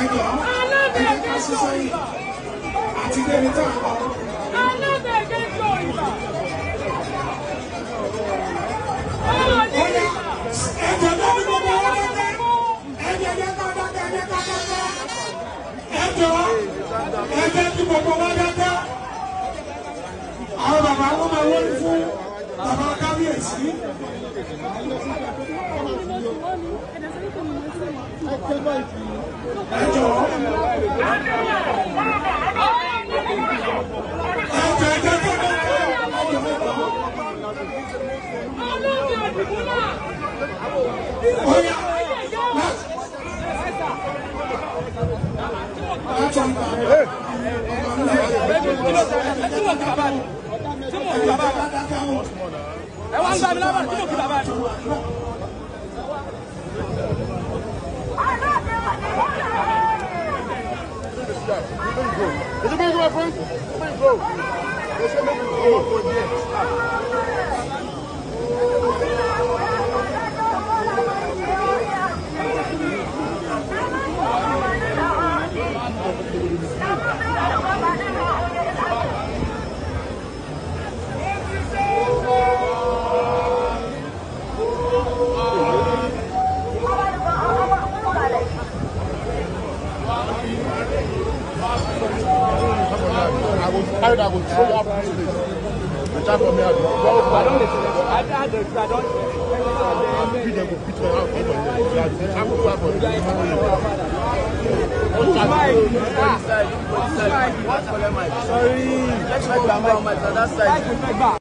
ẹjọ ẹjẹ ká sísọ yìí àti débi tá a lọ. ẹjẹ lórí gbogbo wọn lọ́dẹ ẹjẹ ẹjẹ ká dáadáa ẹjẹ ká dáadáa ẹjọ ẹjẹ kí gbogbo wọn dáadáa àwọn bàbá wọn máa wọlé fún bàbá kábíyèsí. Thank you ẹjọ́ ẹjọ́ ẹjọ́ tó bá tó ẹjọ́ tó bá. Oya láti láti ọ̀nà rẹ̀ ọ̀nà rẹ̀ ẹ̀jẹ̀ ẹ̀jẹ̀ ẹ wá ń gbà mí lábàá tí mo kí bàbá rẹ. Is it been my friend? We've been broke. They make us broke for years. Thank you. I was tired, I was throw up this The child for me, I don't I don't I don't beat them beat my house over there. The child for me, I don't Sorry. Let's go back on my other side.